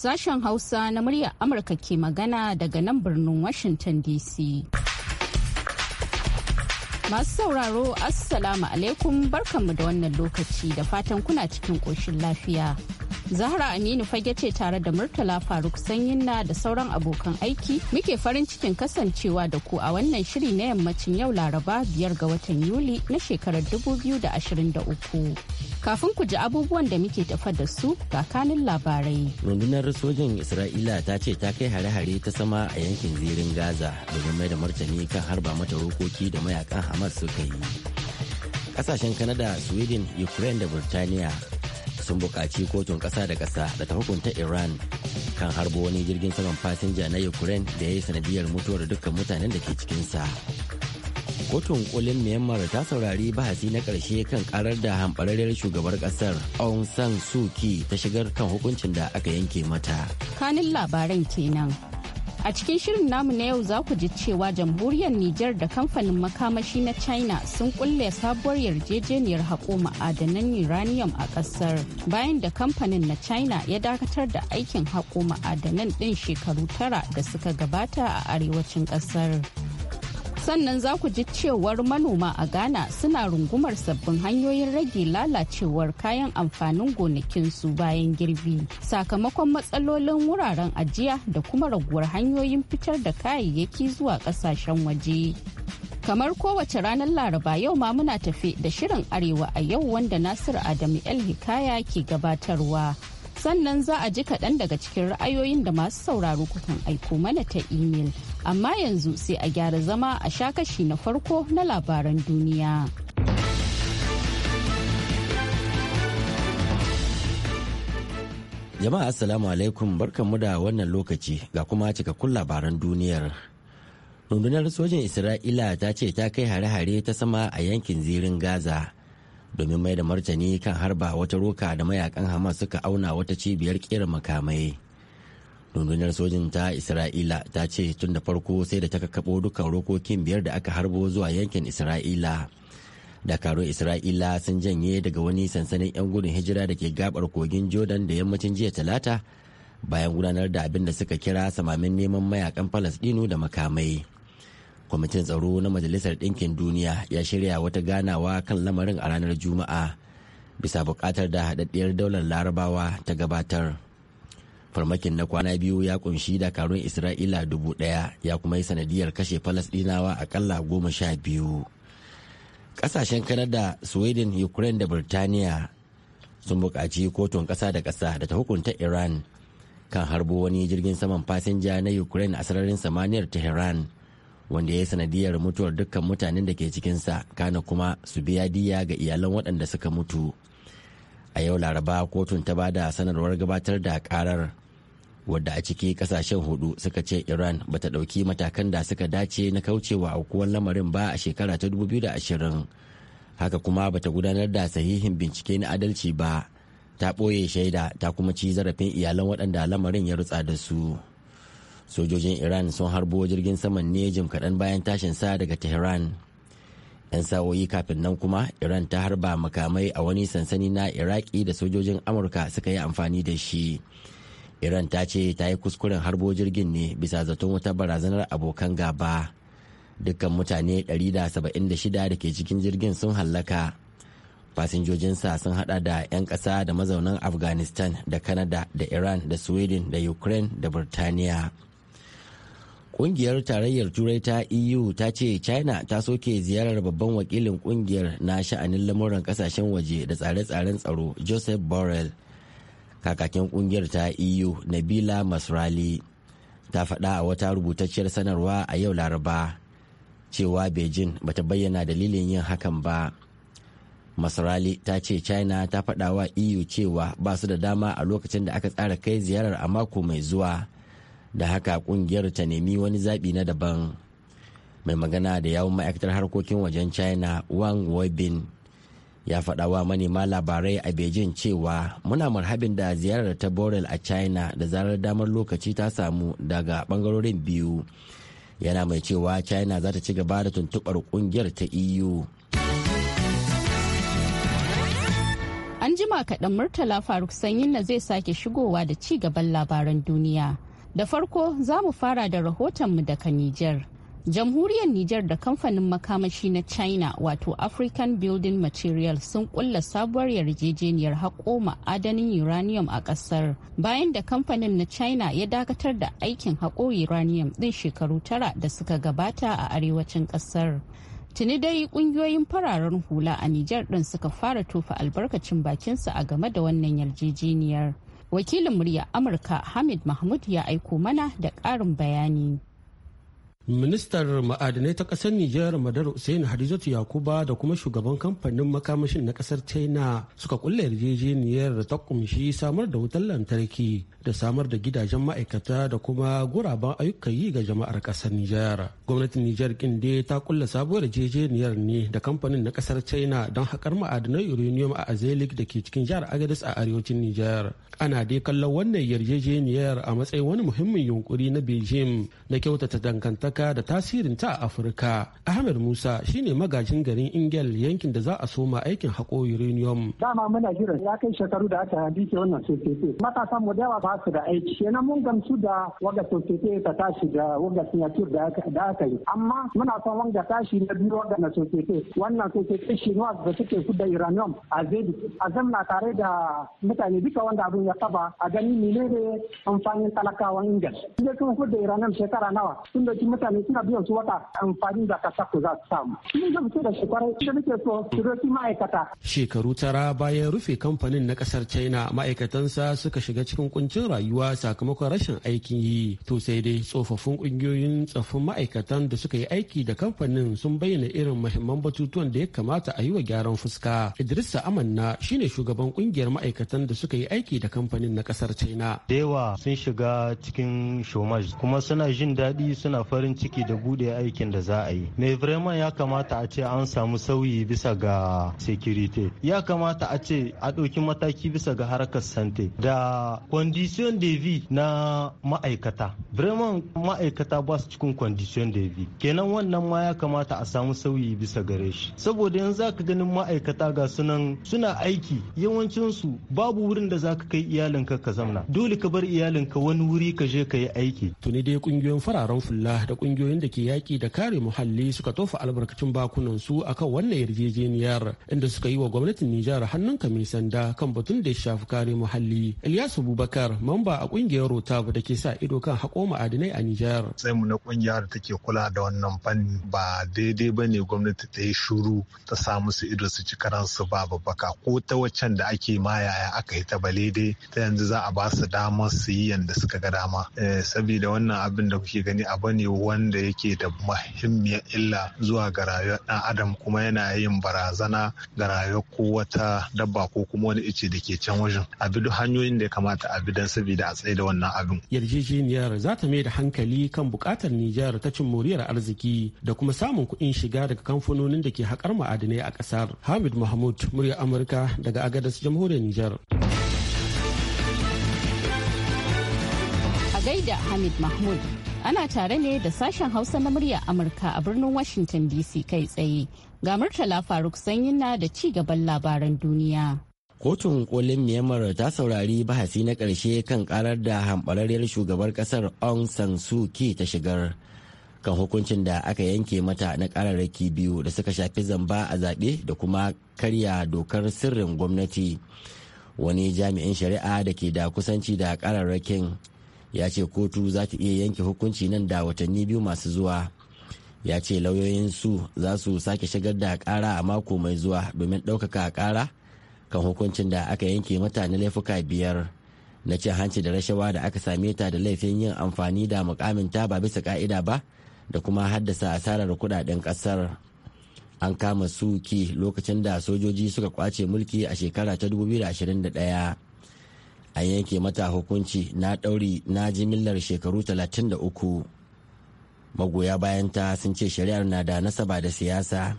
Sashen Hausa na muryar Amurka ke magana daga nan birnin Washington DC. Masu sauraro, Assalamu alaikum barkanmu da wannan lokaci da fatan kuna cikin ƙoshin lafiya. Zahra Aminu fage ce tare da Murtala Faruk Sanyinna da sauran abokan aiki muke farin cikin kasancewa da ku a wannan shiri na yammacin yau Laraba biyar ga watan Yuli na shekarar 2023. Kafin ku ji abubuwan da muke tafa da su ga kanin labarai. Rundunar sojin Isra'ila ta ce ta kai hare-hare ta sama a yankin zirin Gaza domin mai da martani kan harba mata rokoki da mayakan Hamas suka yi. Kasashen Kanada, Sweden, Ukraine da Burtaniya sun buƙaci kotun ƙasa da ƙasa da ta hukunta iran kan harbo wani jirgin saman fasinja na ukraine da ya yi sanadiyar mutuwar dukkan mutanen da ke cikinsa kotun kolin myanmar ta saurari bahasi na ƙarshe kan karar da hambararriyar shugabar ƙasar aung san suu ta shigar kan hukuncin da aka yanke mata kanin labaran kenan A cikin shirin namu na yau za ku ji cewa jamhuriyar Nijar da kamfanin makamashi na China sun kulle sabuwar yarjejeniyar haƙo ma'adanan uranium a ƙasar bayan da kamfanin na China ya dakatar da aikin haƙo ma'adanan ɗin shekaru tara da suka gabata a arewacin ƙasar. sannan za ku ji cewar manoma a ghana suna rungumar sabbin hanyoyin rage lalacewar kayan amfanin gonakinsu bayan girbi sakamakon matsalolin wuraren ajiya da kuma raguwar hanyoyin fitar da kayayyaki zuwa kasashen waje kamar kowace ranar laraba yau ma muna tafe da shirin arewa a yau wanda nasiru adamu el hikaya ke gabatarwa sannan za a ji kaɗan daga cikin ra'ayoyin da masu sauraro kukan aiko mana ta imel amma yanzu sai a gyara zama a sha kashi na farko na labaran duniya jama'a assalamu alaikum barkanmu da wannan lokaci ga kuma cikakkun labaran duniyar rundunar sojin isra'ila ta ce ta kai hare-hare ta sama a yankin zirin gaza domin mai da martani kan harba wata roka da mayakan hamas suka auna wata cibiyar kera makamai rundunar sojin ta isra'ila ta ce tun da farko sai da ta kakabo dukkan rokokin biyar da aka harbo zuwa yankin isra'ila dakarun isra'ila sun janye daga wani sansanin 'yan gudun hijira da ke gabar kogin jordan da yammacin jiya talata bayan gudanar da abin da suka kira samamin neman mayakan falasdino da makamai kwamitin tsaro na majalisar ɗinkin duniya ya shirya wata ganawa kan lamarin a ranar juma'a bisa buƙatar da haɗaɗɗiyar daular larabawa ta gabatar farmakin na kwana biyu ya kunshi dakarun isra'ila dubu ɗaya ya kuma yi sanadiyar kashe falasɗinawa aƙalla goma sha biyu ƙasashen kanada sweden ukraine da birtaniya sun buƙaci kotun ƙasa da ƙasa da ta hukunta iran kan harbo wani jirgin saman fasinja na ukraine a sararin samaniyar tehran wanda ya yi sanadiyar mutuwar dukkan mutanen da ke cikinsa kana kuma su biya diya ga iyalan waɗanda suka mutu a yau laraba kotun ta bada sanarwar gabatar da karar wadda a ciki kasashen hudu suka ce iran ba ta ɗauki matakan da suka dace na kaucewa a aukuwan lamarin ba a shekara ta 2020 haka kuma ba ta gudanar da sahihin bincike na adalci ba ta ɓoye shaida ta kuma ci zarafin iyalan waɗanda lamarin ya rutsa da su. sojojin iran sun harbo jirgin saman ne jim kaɗan bayan tashin sa daga tehran yan sawoyi kafin nan kuma iran ta harba makamai a wani sansani na iraki da sojojin amurka suka yi amfani da shi iran ta ce ta yi kuskuren harbo jirgin ne bisa zaton wata barazanar abokan gaba dukkan mutane 176 da ke cikin jirgin sun hallaka fasinjojinsa sun hada da 'yan kasa da mazaunan afghanistan da canada da iran da sweden da ukraine da burtaniya Kungiyar tarayyar Turai ta EU ta ce China ta soke ziyarar babban wakilin kungiyar na sha'anin lamuran kasashen waje da tsare-tsaren tsaro Joseph Borrell. Kakakin kungiyar ta EU Nabila Masrali ta faɗa a wata rubutacciyar sanarwa a yau Laraba cewa Beijing bata bayyana dalilin yin hakan ba. masrali ta ce China ta faɗa wa EU cewa ba su da dama a lokacin da aka tsara kai ziyarar a mako mai zuwa da haka kungiyar ta nemi wani zaɓi na daban mai magana da yawon ma'aikatar harkokin wajen china wang weibin ya faɗa manema labarai a beijing cewa muna marhabin da ziyarar ta borel a china da zarar damar lokaci ta samu daga ɓangarorin biyu yana mai cewa china za ta ci gaba da tuntuɓar kungiyar ta eu an jima kaɗan murtala faruk sanyin na zai sake shigowa da ci gaban labaran duniya Da farko za mu fara da rahoton mu daga Nijar. Jamhuriyar Nijar da kamfanin makamashi na China wato African Building Material sun kulla sabuwar yarjejeniyar haƙo ma'adanin uranium a ƙasar bayan da kamfanin na China ya dakatar da aikin haƙo uranium ɗin shekaru tara da suka gabata a arewacin ƙasar. Tuni dai ƙungiyoyin fararen hula a Nijar ɗin suka fara tofa albarkacin bakinsa a game da wannan yarjejeniyar. wakilin murya amurka hamid mahmud ya aiko mana da ƙarin bayani Ministar ma'adanai ta ƙasar Nijar Madar Hussein Hadizatu Yakuba da kuma shugaban kamfanin makamashin na ƙasar China suka kulle yarjejeniyar da ta kumshi samar da wutar lantarki da samar da gidajen ma'aikata da kuma guraben ayyukan yi ga jama'ar ƙasar Nijar. Gwamnatin Nijar Kinde ta kulle sabuwar yarjejeniyar ne da kamfanin na ƙasar China don haƙar ma'adanai uranium a Azelik da ke cikin jihar Agadis a arewacin Nijar. Ana dai kallon wannan yarjejeniyar a matsayin wani muhimmin yunkuri na Beijing na kyautata dangantaka Amurka da tasirinta a Afirka. Ahmed Musa shine magajin garin Ingel yankin da za a soma aikin haƙo uranium. Dama muna jiran ya kai shekaru da aka hadisi wannan sosai. Matasa mu da yawa ba su da aiki. Kenan mun gamsu da waga sosai ta tashi da waga signature da aka yi. Amma muna son wanga tashi na biyu waga na sosai. Wannan sosai shi ne da suke su da uranium a zai A zamna tare da mutane duka wanda abin ya saba a gani ne ne amfanin talakawan Ingel. Inda sun fi da uranium shekara nawa. Sun da mutane suna biyan su wata amfani da kasa ku za su samu. Shi zan fito da shekara da nake so su doki ma'aikata. Shekaru tara bayan rufe kamfanin na kasar China ma'aikatansa suka shiga cikin kuncin rayuwa sakamakon rashin aikin yi. To sai dai tsofaffin ƙungiyoyin tsoffin ma'aikatan da suka yi aiki da kamfanin sun bayyana irin muhimman batutuwan da ya kamata a yi wa gyaran fuska. Idrissa Amanna shine shugaban ƙungiyar ma'aikatan da suka yi aiki da kamfanin na kasar China. Da yawa sun shiga cikin shomaj kuma suna jin daɗi suna farin farin ciki da bude aikin da za a yi mai vraiment ya kamata a ce an samu sauyi bisa ga security ya kamata a ce a ɗauki mataki bisa ga harkar sante da condition de vie na ma'aikata vraiment ma'aikata ba su cikin condition de vie kenan wannan ma ya kamata a samu sauyi bisa gare shi saboda yanzu za ka ganin ma'aikata ga sunan suna aiki yawancinsu babu wurin da za ka kai iyalinka ka zamna dole ka bar iyalinka wani wuri ka je ka yi aiki tuni dai kungiyoyin fararen fulla da kungiyoyin da ke yaƙi da kare muhalli suka tofa albarkacin bakunan su akan wannan yarjejeniyar inda suka yi wa gwamnatin Nijar hannun mai sanda kan batun da ya shafi kare muhalli. Ilyasu Abubakar mamba a kungiyar Rotab da ke sa ido kan haƙo ma'adinai a Nijar. Sai mu na kungiyar da take kula da wannan fanni ba daidai ba ne gwamnati ta yi shuru ta sa musu ido su ci karansu ba babbaka ko ta waccan da ake ma yaya aka yi ta bale dai ta yanzu za a ba su dama su yi yanda suka ga dama. Eh, Saboda wannan abin da kuke gani abu ne wanda yake da muhimmiyar illa zuwa ga rayuwar ɗan adam kuma yana yin barazana ga rayuwar ko wata dabba ko kuma wani ice da ke can wajen a bi duk hanyoyin da ya kamata a bi don saboda a tsaye da wannan abin. yarjejeniyar za ta mai da hankali kan bukatar nijar ta cin moriyar arziki da kuma samun kuɗin shiga daga kamfanonin da ke haƙar ma'adinai a ƙasar hamid mahmud murya amurka daga agadas jamhuriyar nijar. gaida Hamid Mahmud. Ana tare ne da sashen Hausa na murya Amurka a birnin Washington DC kai tsaye. Ga Murtala Faruk Sanyina da ci gaban labaran duniya. Kotun kolin Myanmar ta saurari bahasi na karshe kan karar da hambararriyar shugabar kasar Aung San Suu Kyi ta shigar. kan hukuncin da aka yanke mata na kararraki biyu da suka shafi zamba a zaɓe da kuma karya dokar sirrin gwamnati wani jami'in shari'a da ke da kusanci da kararrakin ya ce kotu za ta iya yanke hukunci nan da watanni biyu masu zuwa ya ce lauyoyin su za su sake shigar da kara a mako mai zuwa domin ɗaukaka kara kan hukuncin da aka yanke mata na laifuka biyar na cin hanci da rashawa da aka same ta da laifin yin amfani da ta ba bisa ka'ida ba da kuma haddasa asarar kudaden kasar an kama suki lokacin da sojoji suka kwace mulki a shekara ta 2021 an yanke mata hukunci na ɗauri na jimillar shekaru 33 magoya bayan ta sun ce shari'ar na da nasaba da siyasa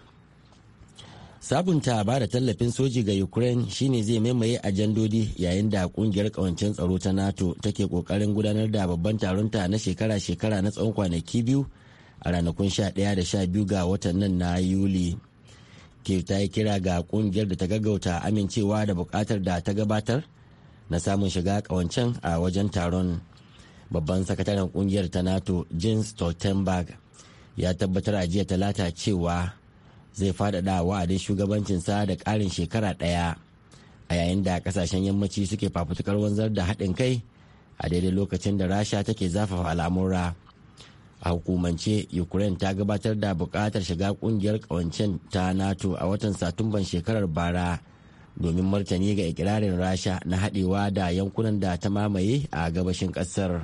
sabunta ba da tallafin soji ga ukraine shine zai maimaye ajandodi yayin da kungiyar kawancin tsaro ta nato take kokarin gudanar da babban taronta na shekara-shekara na tsawon kwanaki biyu a ranakun 11 da 12 ga watan nan na yuli ke ta yi kira ga kungiyar da ta gaggauta amincewa da bukatar da ta gabatar na samun shiga kawancen a wajen taron babban sakataren kungiyar ta nato jens stoltenberg ya tabbatar a jiya talata cewa zai faɗaɗa wa'adin shugabancinsa da ƙarin shekara ɗaya a yayin da ƙasashen yammaci suke fafutukar wanzar da haɗin kai a daidai lokacin da rasha take zafafa al'amura a hukumance ukraine ta gabatar da bukatar shiga ƙungiyar ƙawancen ta nato a watan satumban shekarar bara domin martani ga ikirarin rasha na haɗewa da yankunan da ta mamaye a gabashin ƙasar.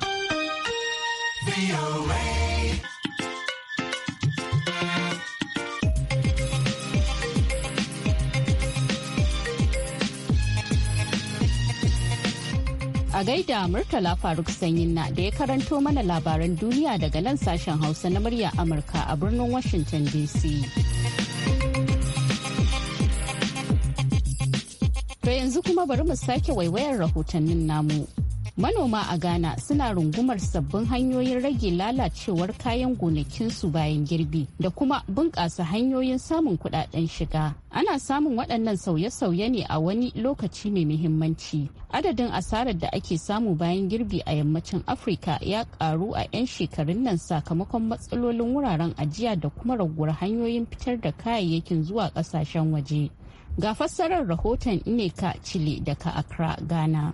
a gaida Murtala Faruk Sanyin na da ya karanto mana labaran duniya daga nan sashen Hausa na murya Amurka a birnin Washington DC. To yanzu kuma bari mu sake waiwayar rahotannin namu. Manoma a Ghana suna rungumar sabbin hanyoyin rage lalacewar kayan gonakinsu bayan girbi da kuma bunƙasa hanyoyin samun kuɗaɗen shiga. Ana samun waɗannan sauye-sauye ne a wani lokaci mai muhimmanci. Adadin asarar da ake samu bayan girbi a yammacin Afirka ya ƙaru a 'yan shekarun nan sakamakon matsalolin wuraren ajiya da kuma raguwar hanyoyin fitar da kayayyakin zuwa ƙasashen waje. Ga fassarar rahoton Ineka Chile daga Accra, Ghana.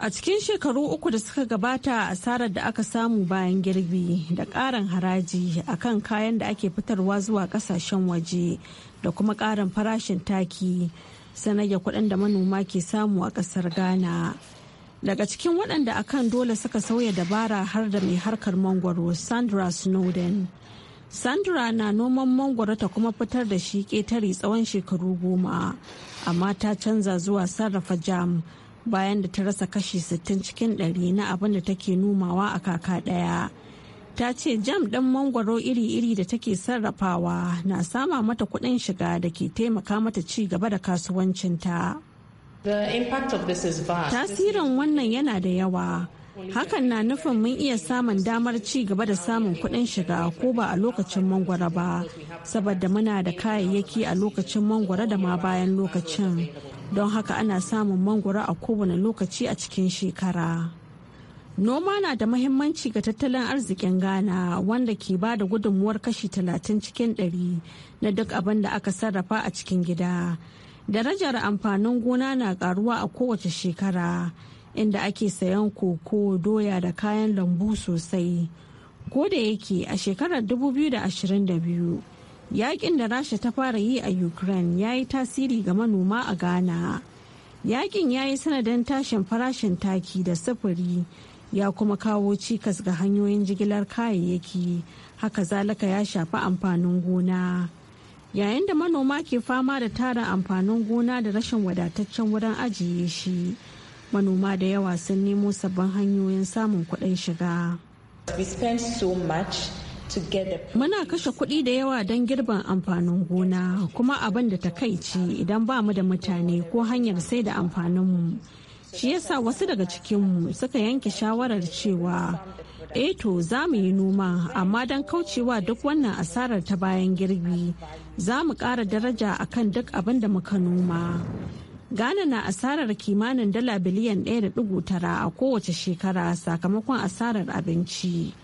A cikin shekaru uku da suka gabata asarar da aka samu bayan girbi da ƙarin haraji akan kayan da ake fitarwa zuwa ƙasashen waje da kuma ƙarin farashin taki sanayya kuɗin da manoma ke samu a ƙasar Ghana. Daga cikin waɗanda akan dole suka sauya dabara har da mai harkar mangwaro Sandra Snowden. Sandra na noman mangwaro ta kuma fitar da shi ƙetare tsawon shekaru goma, amma ta canza zuwa sarrafa jam bayan da ta rasa kashi 60 cikin ɗari na abin da take nomawa a kaka ɗaya. Ta ce jam ɗin mangwaro iri-iri da take sarrafawa na sama mata kuɗin shiga da ke taimaka mata ci gaba da kasuwancinta. Tasirin wannan yana da yawa. Hakan na nufin mun iya samun damar ci gaba da samun kuɗin shiga ko ba a lokacin mangwara ba, saboda muna da kayayyaki a lokacin mangwara da ma bayan lokacin. Don haka ana samun mangwara a kowane lokaci a cikin shekara. Noma na da mahimmanci ga tattalin arzikin Ghana wanda ke ba da gudunmuwar kashi talatin cikin 100 na duk abin da aka sarrafa a cikin gida. Darajar amfanin gona na karuwa a kowace shekara. inda ake sayan koko doya da kayan lambu sosai ko da yake a shekarar 2022 yakin da rasha ta fara yi a ukraine ya yi tasiri ga manoma a ghana yakin ya yi sanadin tashin farashin taki da sufuri ya kuma kawo cikas ga hanyoyin jigilar kayayyaki haka zalaka ya shafi amfanin gona yayin da manoma ke fama da tara amfanin gona da rashin wadataccen wurin ajiye shi manoma da yawa sun nemo sabbin hanyoyin samun kuɗin shiga. Muna kashe kuɗi da yawa don girbin amfanin gona kuma abin da takaici idan ba mu da mutane ko hanyar sai da amfaninmu. Shi yasa wasu daga cikinmu suka yanke shawarar cewa eto eh za mu yi noma amma don kaucewa duk wannan asarar ta bayan girbi za mu ƙara daraja akan duk abin da muka noma. Ghana na asarar kimanin dala biliyan 1.9 a kowace shekara sakamakon asarar abinci.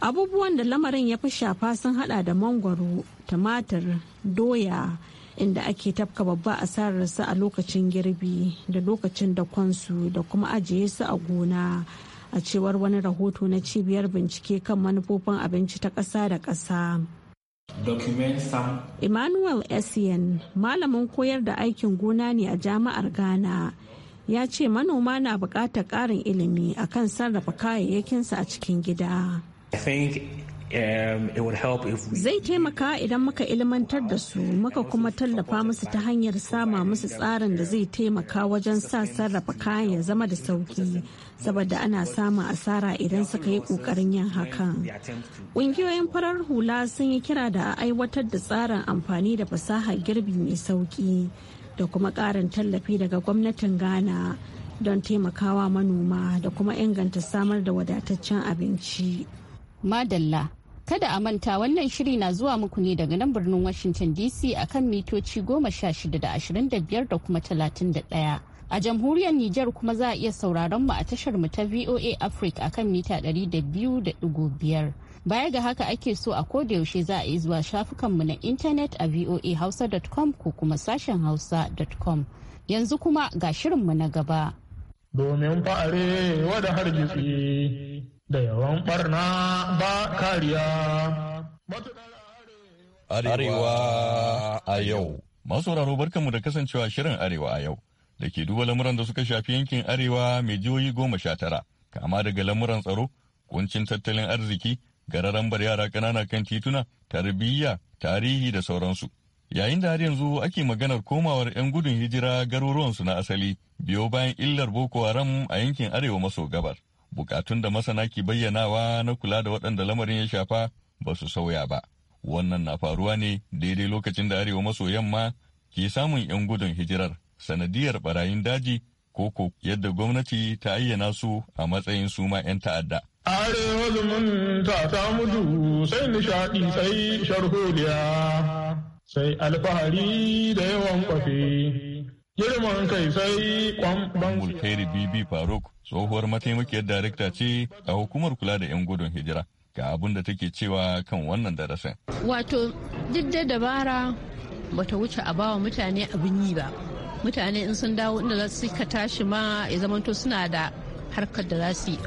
Abubuwan da lamarin ya fi shafa sun hada da mangwaro, tumatir, doya, inda ake tafka babba asarar su a lokacin girbi da lokacin da kwansu da kuma ajiye su a gona. A cewar wani rahoto na cibiyar bincike kan manufofin abinci ta ƙasa da ƙasa. Emmanuel Essien, malamin koyar da aikin gona ne a jami'ar Ghana, ya ce manoma na buƙatar ƙarin ilimi akan sarrafa kayayyakinsa a cikin gida. I think Zai taimaka idan muka ilmantar da su muka kuma tallafa musu ta hanyar sama musu tsarin da zai taimaka wajen sa sarrafa kayan ya zama da sauki saboda ana samun asara idan suka yi kokarin yin hakan. Ƙungiyoyin farar hula sun yi kira da a aiwatar da tsarin amfani da fasaha girbi mai sauki da kuma ƙarin tallafi daga gwamnatin Ghana don taimakawa manoma da kuma inganta samar da wadataccen abinci. Madalla Kada a manta wannan shiri na zuwa muku ne daga nan birnin Washington DC akan mitoci goma sha shida da ashirin da biyar da kuma talatin da ɗaya. A jamhuriyar Nijar kuma za a iya sauraron mu a tashar mu ta VOA Africa akan mita ɗari da biyu da ɗigo biyar. Baya ga haka ake so a koda yaushe za a yi zuwa shafukanmu na intanet a voahausa.com ko kuma sashen hausa.com. Yanzu kuma ga shirinmu na gaba. domin fa'are wada hargitsi da yawan barna ba kariya. Arewa a yau Masu raro barkanmu da kasancewa shirin Arewa a yau da ke duba lamuran da suka shafi yankin Arewa mai jihohi goma sha tara kama daga lamuran tsaro, kuncin tattalin arziki, gararan bar yara ƙanana kan tituna, tarbiyya, tarihi da sauransu. yayin da har yanzu ake maganar komawar 'yan gudun hijira garuruwansu na asali biyo bayan illar boko haram a yankin arewa maso gabar bukatun da masana ke bayyanawa na kula da waɗanda lamarin ya shafa ba su sauya ba wannan na faruwa ne daidai lokacin da arewa maso yamma ke samun 'yan gudun hijirar sanadiyar barayin daji ko yadda gwamnati ta ayyana su a matsayin suma 'yan ta'adda arewa zumunta ta mutu sai nishaɗi sai sharholiya sai alfahari da yawan kwafi. Girman kai sai kwamfan Mulkairi Bibi Faruk tsohuwar mataimakiyar darekta ce a hukumar kula da 'yan gudun hijira. Ga abin da take cewa kan wannan darasin. Wato, duk da dabara bata wuce a bawa mutane abin yi ba. Mutane in sun dawo inda za su tashi ma ya zamanto suna da harkar da za su yi.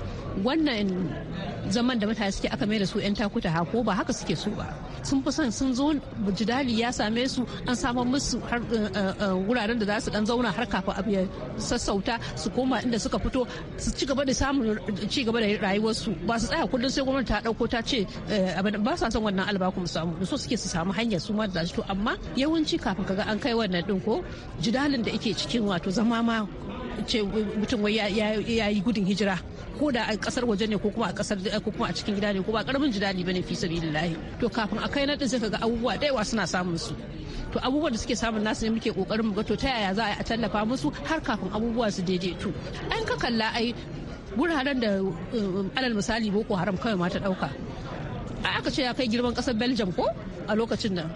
wannan zaman da mutane suke aka mai da su 'yan takuta hako ko ba haka suke so ba sun fi son sun zo jidali ya same su an samar musu eh, eh, eh, wuraren da za su dan zauna har kafin abu ya sassauta su koma inda suka fito su ci gaba da samun ci gaba da rayuwarsu ba su tsaya kullum sai gwamnati ta dauko ta ce ba sa son wannan alba mu samu so suke su samu hanyar su ma da to amma yawanci kafin kaga an kai wannan din ko jidalin da ike cikin wato zama ma ce mutum wai ya yi gudun hijira ko da a kasar waje ne ko kuma a kasar ko kuma a cikin gida ne ko ba karamin ji ne bane fi sabilillahi to kafin a kai nadin sai ga abubuwa da yawa suna samun su to abubuwan da suke samun nasu ne muke kokarin mu ga to ta yaya za a tallafa musu har kafin abubuwa su daidaitu an ka kalla ai wuraren da eh, alal misali boko haram kawai ma ta dauka aka ce ya kai girman kasar belgium ko a lokacin nan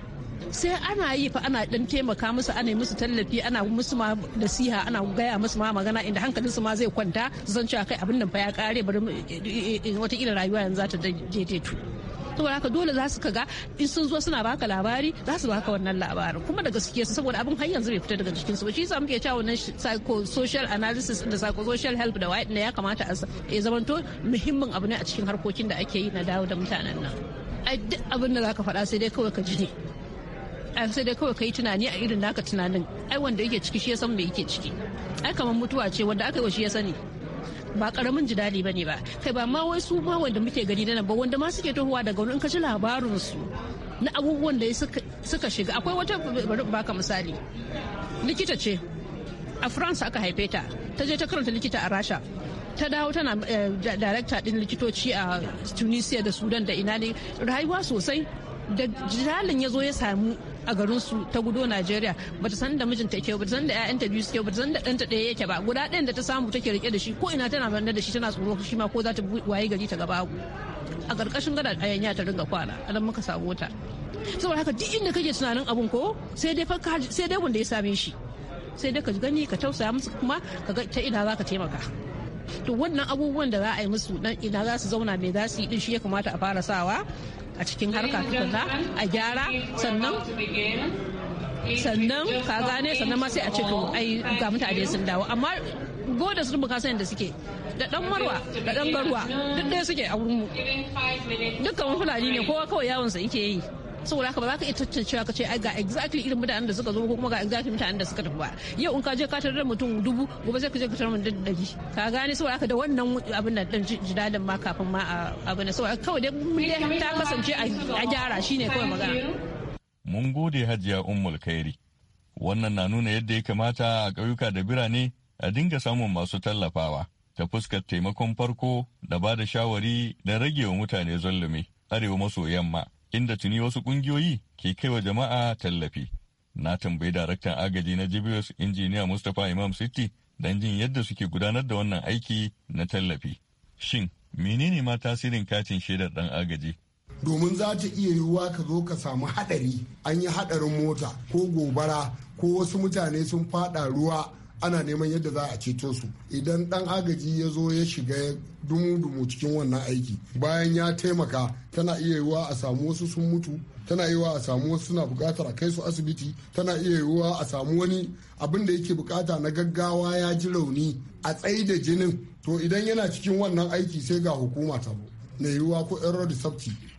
sai ana yi fa ana dan taimaka musu ana musu tallafi ana musu ma nasiha ana gaya musu ma magana inda hankalin su ma zai kwanta zan cewa kai abin nan fa ya kare bari eh, eh, ila rayuwa yanzu za ta daidaitu saboda haka dole za su kaga in sun zo suna baka labari za su baka wannan labarin kuma da gaskiya su saboda abin har yanzu bai fita daga jikinsu ba shi yasa muke cewa wannan psycho social analysis da psycho social help da wayar ya kamata a ya zamanto muhimmin abu ne a cikin harkokin da ake yi na dawo da mutanen nan a duk abin da zaka faɗa sai dai kawai ka ji ne sai dai kawai kai tunani a irin naka tunanin ai wanda yake ciki shi ya san me yake ciki ai kamar mutuwa ce wanda aka yi wa shi ya sani ba karamin jidali bane ba kai ba ma wai su ma wanda muke gani nan ba wanda ma suke tohuwa daga wani in ka ji labarin su na abubuwan da suka shiga akwai wata baka misali likita ce a france aka haife ta ta je ta karanta likita a rasha ta dawo tana eh, director din likitoci a tunisia da sudan da ina ne rayuwa sosai da jihalin ya zo ya samu a garin su ta gudo Najeriya ta san da mijinta yake ta san da ƴaƴanta biyu suke ta san da ɗanta ɗaya yake ba guda ɗayan da ta samu take rike da shi ko ina tana banda da shi tana tsoro shi ma ko za ta waye gari ta gaba a ƙarƙashin gada ayanya ta ringa kwana idan muka samu ta saboda haka duk inda kake tunanin abun ko sai dai sai dai wanda ya same shi sai dai ka gani ka tausaya musu kuma ka ga ta ina za ka taimaka to wannan abubuwan da za a yi musu dan ina za su zauna mai za su yi din shi ya kamata a fara sawa a cikin harka tukunna a gyara sannan sannan ka gane sannan ma sai a ce to ai ga mutane sun dawo amma goda su rubuka sanin da suke da dan marwa da dan garwa duk ɗaya suke a wurin mu dukkan fulani ne kowa kawai yawon sa yake yi saboda haka ba za ka iya tantancewa ka ce ai ga exactly irin mutanen da suka zo ko kuma ga exactly mutanen da suka tafi ba yau in ka je ka tarar mutum dubu gobe sai ka je ka tarar mutum dari ka gane saboda haka da wannan abin da dan jidalin ma kafin ma abin nan saboda kawai dai ta kasance a gyara shine kawai magana mun gode hajiya ummul kairi wannan na nuna yadda ya kamata a ƙauyuka da birane a dinga samun masu tallafawa ta fuskar taimakon farko da ba da shawari da rage wa mutane zallume arewa maso yamma inda tuni wasu kungiyoyi ke kaiwa jama'a tallafi. Na tambayi daraktan agaji na GBS injiniya Mustapha Imam City don jin yadda suke gudanar da wannan aiki na tallafi. Shin menene ma tasirin katin shaidar ɗan agaji? Domin za ta iya yiwuwa ka zo ka samu haɗari, an yi haɗarin mota ko gobara ko wasu mutane sun faɗa ruwa ana neman yadda za a ceto su idan dan agaji ya zo ya shiga dumu-dumu cikin wannan aiki bayan ya taimaka tana iya yiwuwa a samu wasu sun mutu tana iya yiwuwa a samu wasu suna bukatar a kai su asibiti tana iya yiwuwa a samu wani abin da yake bukata na gaggawa ya ji rauni a tsayi da jinin to idan yana cikin wannan aiki sai ga hukuma ta na yiwuwa ko yan rodi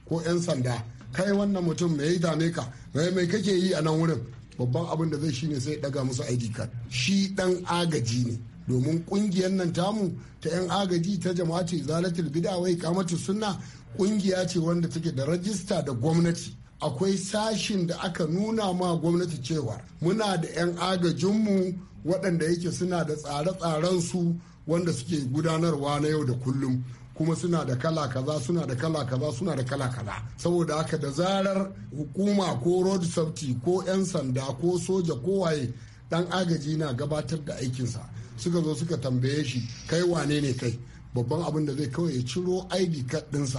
ko yan sanda kai wannan mutum mai dame ka mai kake yi a nan wurin babban abin da zai shi ne sai daga musu id card shi dan agaji ne domin kungiyar nan tamu ta 'yan agaji ta jama'ati zalatul bid'a wai kamatu sunna kungiya ce wanda take da rajista da gwamnati akwai sashin da aka nuna ma gwamnati cewa muna da 'yan agajin mu waɗanda yake suna da tsare tsaren su wanda suke gudanarwa na yau da kullum kuma suna da kala kaza suna da kala kaza suna da kala kaza saboda haka da zarar hukuma ko road safety ko 'yan sanda ko soja ko waye dan agaji na gabatar da aikinsa suka zo suka tambaye shi kai wane ne kai babban abin da zai kawai ya ciro id card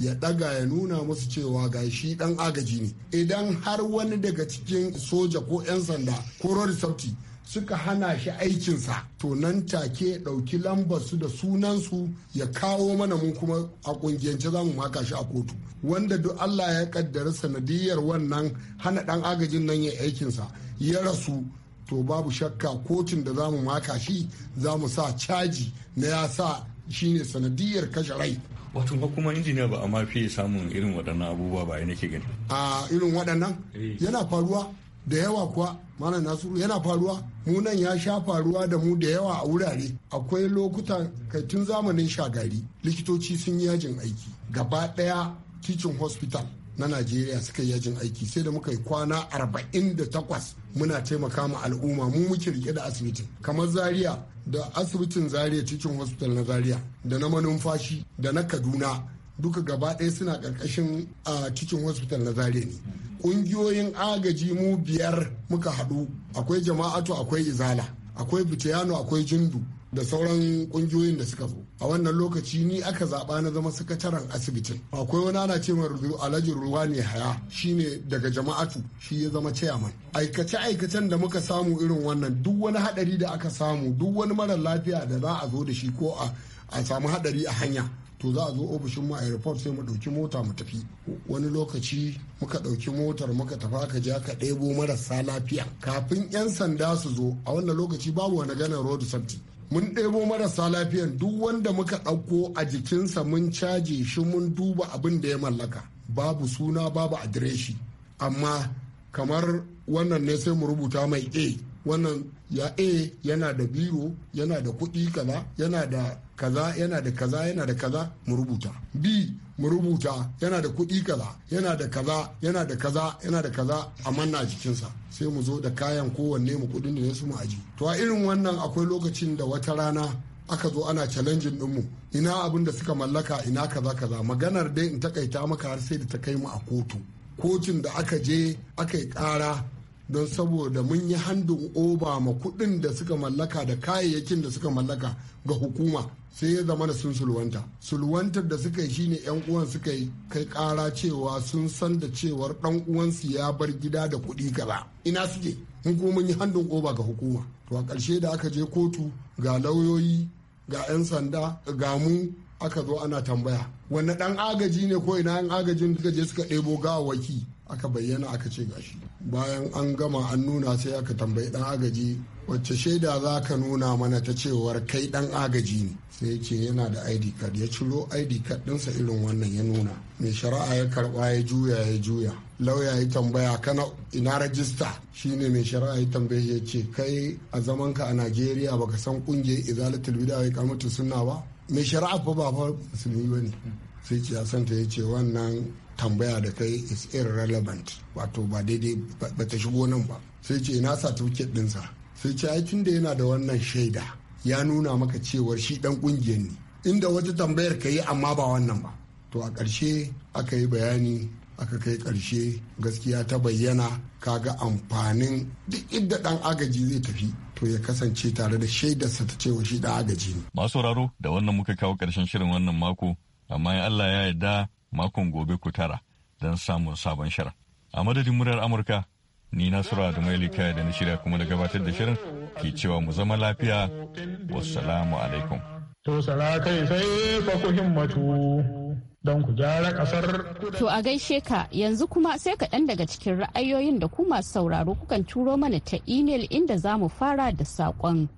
ya daga ya nuna musu cewa ga shi ɗan agaji ne idan har wani daga cikin soja ko 'yan sanda ko road safety suka hana shi aikinsa to nan take ɗauki lambarsu da sunansu ya kawo mana mun kuma a kungiyance za mu maka shi a kotu wanda duk Allah ya kaddara sanadiyar wannan hana ɗan agajin nan ya aikinsa ya rasu to babu shakka kotun da za mu maka shi za mu sa caji na ya sa shine sanadiyar kashe rai wato ba kuma injiniya ba a samun irin waɗannan abubuwa ba ya nake gani a irin waɗannan eh. yana faruwa da yawa kuwa mana nasiru yana faruwa mu nan ya sha faruwa da mu da yawa a wurare akwai lokuta kai tun zamanin shagari likitoci sun yi yajin aiki gaba daya teaching hospital na najeriya suka yi yajin aiki sai da muka yi kwana 48 muna taimaka ma al'umma mu muke rike da asibitin kamar zaria da asibitin zaria teaching hospital na zaria da na manumfashi da na kaduna duka gaba ɗaya suna ƙarƙashin a cikin hospital na zare ne ƙungiyoyin agaji mu biyar muka haɗu akwai jama'atu akwai izala akwai bitiyano akwai jindu da sauran ƙungiyoyin da suka zo a wannan lokaci ni aka zaɓa na zama sakataren asibitin akwai wani ana ce mai alhaji ruwa ne haya shine daga jama'atu shi ya zama chairman aikace aikacen da muka samu irin wannan duk wani hadari da aka samu duk wani mara lafiya da za a zo da shi ko a samu hadari a hanya to za a zo ofishin mu a airport sai mu ɗauki mota mu tafi wani lokaci muka ɗauki motar muka tafi aka je ka ɗebo marasa lafiya kafin 'yan sanda su zo a wannan lokaci babu wani ganin road safety mun ɗebo marasa lafiyan duk wanda muka ɗauko a jikinsa mun caje shi mun duba abin da ya mallaka babu suna babu adireshi amma kamar wannan ne sai mu rubuta mai a wannan ya a yana da biro yana da kuɗi kaza yana da kaza yana da kaza yana da kaza mu rubuta b mu rubuta yana da kuɗi kaza yana da kaza yana da kaza yana da kaza a manna jikinsa sai mu zo da kayan kowanne mu kuɗin da ya su mu aji to a irin wannan akwai lokacin da wata rana aka zo ana challenging ɗinmu ina abin da suka mallaka ina kaza kaza maganar dai in takaita maka har sai da ta kai mu a kotu kotun da aka je aka yi ƙara don saboda mun yi handin oba ma kuɗin da suka mallaka da kayayyakin da suka mallaka ga hukuma sai ya zama da sun sulwanta sulwantar da suka yi shine yan uwan suka yi kai kara cewa sun san da cewar dan uwansu ya bar gida da kuɗi gaba ina suke mun ko mun yi handin koba ga hukuma to a ƙarshe da aka je kotu ga lauyoyi ga 'yan sanda ga mu aka zo ana tambaya wanne dan agaji ne ko ina yan agajin suka je suka ɗebo gawawaki aka bayyana aka ce gashi bayan an gama an nuna sai aka tambayi dan agaji wacce shaida za ka nuna mana ta cewar kai dan agaji ne sai ya ce yana da id card ya ciro id card ɗinsa irin wannan ya nuna mai shari'a ya karba ya juya ya juya lauya ya tambaya kana ina rajista shine mai shari'a ya tambaye ya ce kai a ka a najeriya baka san kungiyar izalatul bida wai kamata sunna ba mai shari'a fa ba fa musulmi bane sai ce ya santa ya ce wannan tambaya da kai is irrelevant wato ba daidai ba ta shigo nan ba sai ce ina certificate dinsa sai ce tun da yana da wannan shaida ya nuna maka cewar shi dan kungiyar ne inda wata tambayar ka yi amma ba wannan ba to a ƙarshe aka yi bayani aka kai ƙarshe gaskiya ta bayyana kaga amfanin duk inda dan agaji zai tafi to ya kasance tare da shaidarsa ta cewa shi dan agaji ne. Masu sauraro da wannan muka kawo ƙarshen shirin wannan mako amma ya Allah ya yarda makon gobe ku tara don samun sabon shirin. A madadin muryar Amurka ni da mai likaya da na shirya kuma da gabatar da shirin ke cewa mu zama lafiya wassalamu alaikum to sai fa don ku gyara kasar to a gaishe ka yanzu kuma sai ka ɗan daga cikin ra'ayoyin da ku sauraro kukan turo mana ta imel inda za mu fara da saƙon.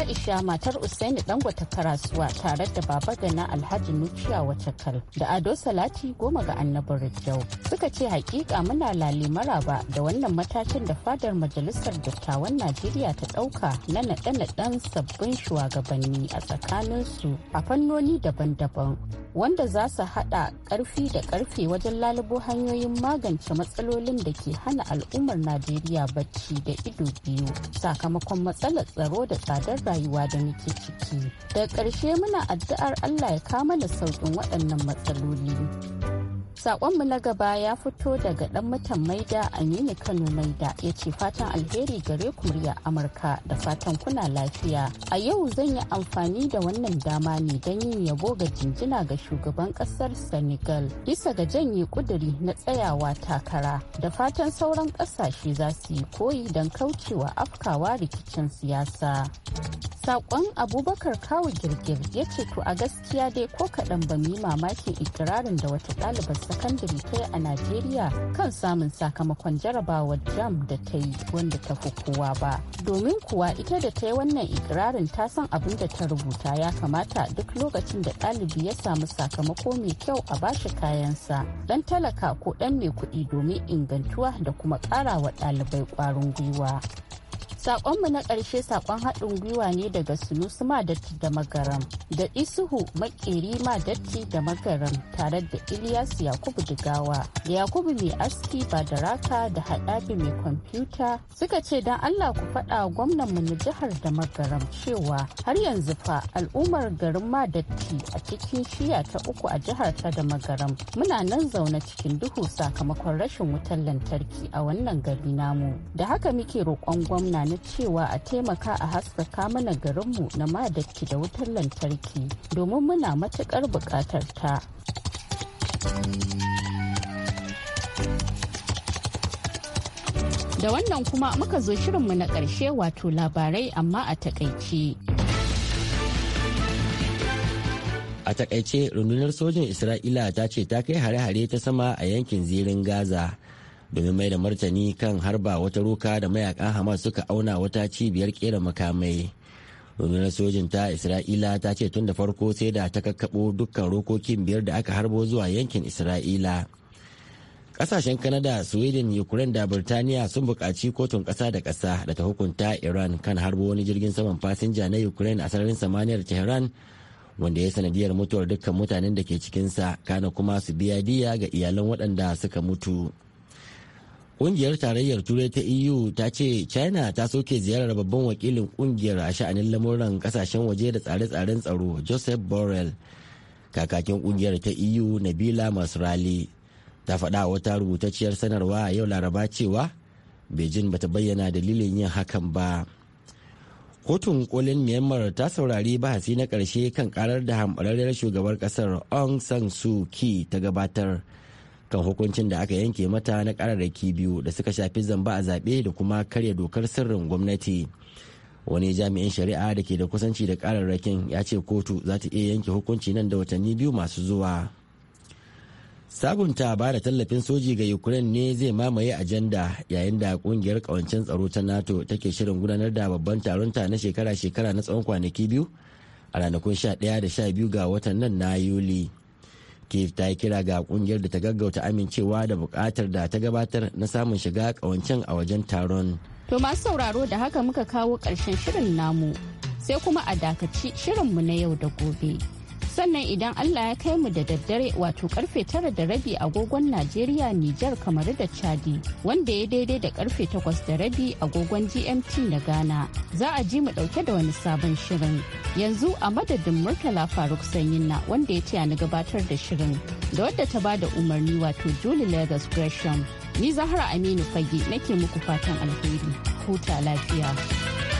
Aisha matar Usaini Dangwata Karasuwa tare da baba gana Alhaji Nuciya Wacakal da Ado Salati goma ga annabi Rijau suka ce hakika muna lali maraba da wannan matakin da fadar majalisar dattawan Najeriya ta dauka na naɗe-naɗen sabbin shugabanni a tsakaninsu a fannoni daban-daban. wanda za su haɗa ƙarfi da ƙarfe wajen lalubo hanyoyin magance matsalolin da ke hana al'ummar najeriya bacci da ido biyu sakamakon matsalar tsaro da tsadar rayuwa da muke ciki daga ƙarshe muna addu'ar allah ya kama da sauƙin waɗannan matsaloli mu na gaba ya fito daga dan mutan maida Aminu Kano maida ya ce fatan alheri gare ku murya Amurka da fatan kuna lafiya. A yau zan yi amfani da wannan dama ne don yin yabo ga jinjina ga shugaban kasar Senegal bisa ga janye kuduri na tsayawa takara da fatan sauran kasashe za su yi koyi don kaucewa afkawa rikicin siyasa. sakon abubakar kawu girgir ya ce to a gaskiya dai ko kaɗan ba yi mamakin ikirarin da wata ɗalibar sakandare ta yi a najeriya kan samun sakamakon jarabawar jam da ta yi wanda ta fi kowa ba domin kuwa ita da ta yi wannan ikirarin ta san abin da ta rubuta ya kamata duk lokacin da ɗalibi ya samu sakamako mai kyau a bashi kayansa dan talaka ko dan mai kuɗi domin ingantuwa da kuma ƙara wa ɗalibai ƙwarin gwiwa Sakonmu na ƙarshe sakon haɗin gwiwa ne daga Sunusu datti da Magaram da Isuhu Makeri datti da Magaram tare da Ilyas Yakubu Digawa da Yakubu mai aski ba da raka da Haɗabi mai kwamfuta suka ce don Allah ku faɗa gwamnanmu na jihar da Magaram cewa har yanzu fa al'ummar garin Madatti a cikin shiya ta uku a jihar ta da Magaram muna nan zaune cikin duhu sakamakon rashin wutar lantarki a wannan gari namu da haka muke roƙon gwamna na cewa a taimaka a haskaka mana garinmu na madaki da wutar lantarki domin muna matuƙar buƙatar ta. Da wannan kuma muka zo shirinmu na ƙarshe wato labarai amma a takaice. A takaice rundunar sojin Isra'ila ta ce ta kai hare-hare ta sama a yankin zirin Gaza domin mai da martani kan harba wata roka da mayakan hamas suka auna wata cibiyar kera makamai rundunar sojin ta isra'ila ta ce tun da farko sai da ta kakkaɓo dukkan rokokin biyar da aka harbo zuwa yankin isra'ila ƙasashen kanada sweden ukraine da birtaniya sun buƙaci kotun ƙasa da ƙasa da ta hukunta iran kan harbo wani jirgin saman fasinja na ukraine a sararin samaniyar tehran wanda ya yi sanadiyar mutuwar dukkan mutanen da ke cikinsa kana kuma su biya diya ga iyalan waɗanda suka mutu. Ƙungiyar tarayyar Turai ta EU ta ce China ta soke ziyarar babban wakilin ƙungiyar a sha'anin lamuran kasashen waje da tsare-tsaren tsaro Joseph Borrell. Kakakin ƙungiyar ta EU Nabila Masrali ta faɗa wata rubutacciyar sanarwa yau Laraba cewa Beijing bata bayyana dalilin yin hakan ba. kotun kolin myanmar ta saurari bahasi na ƙarshe kan karar da hambararriyar shugaban ƙasar aung san suu kyi ta gabatar kan hukuncin da aka yanke mata na kararraki biyu da suka shafi zamba a zaɓe da kuma karya dokar sirrin gwamnati wani jami'in shari'a da ke da kusanci da kararrakin ya ce kotu za ta iya yanke hukunci nan da watanni biyu masu zuwa sabunta ba da tallafin soji ga ukraine ne zai mamaye ajanda yayin da kungiyar kawancin tsaro ta nato take shirin gudanar da babban taronta na shekara-shekara na tsawon kwanaki biyu a ranakun 11 da 12 ga watan nan na yuli kiev ta yi kira ga kungiyar da ta gaggauta amincewa da bukatar da ta gabatar na samun shiga kawancen a wajen taron to masu sauraro da haka muka kawo ƙarshen shirin namu sai kuma a dakaci shirinmu na yau da gobe sannan idan allah ya kai mu da daddare wato karfe tara da rabi agogon najeriya nijar kamar da chadi wanda ya daidai da karfe takwas da rabi agogon gmt na ghana za a ji mu dauke da wani sabon shirin yanzu a madadin murtala faruk sanyin na wanda ya taya ni gabatar da shirin da wadda ta bada umarni wato julie lagos gresham ni zahra aminu fage nake muku fatan alheri huta lafiya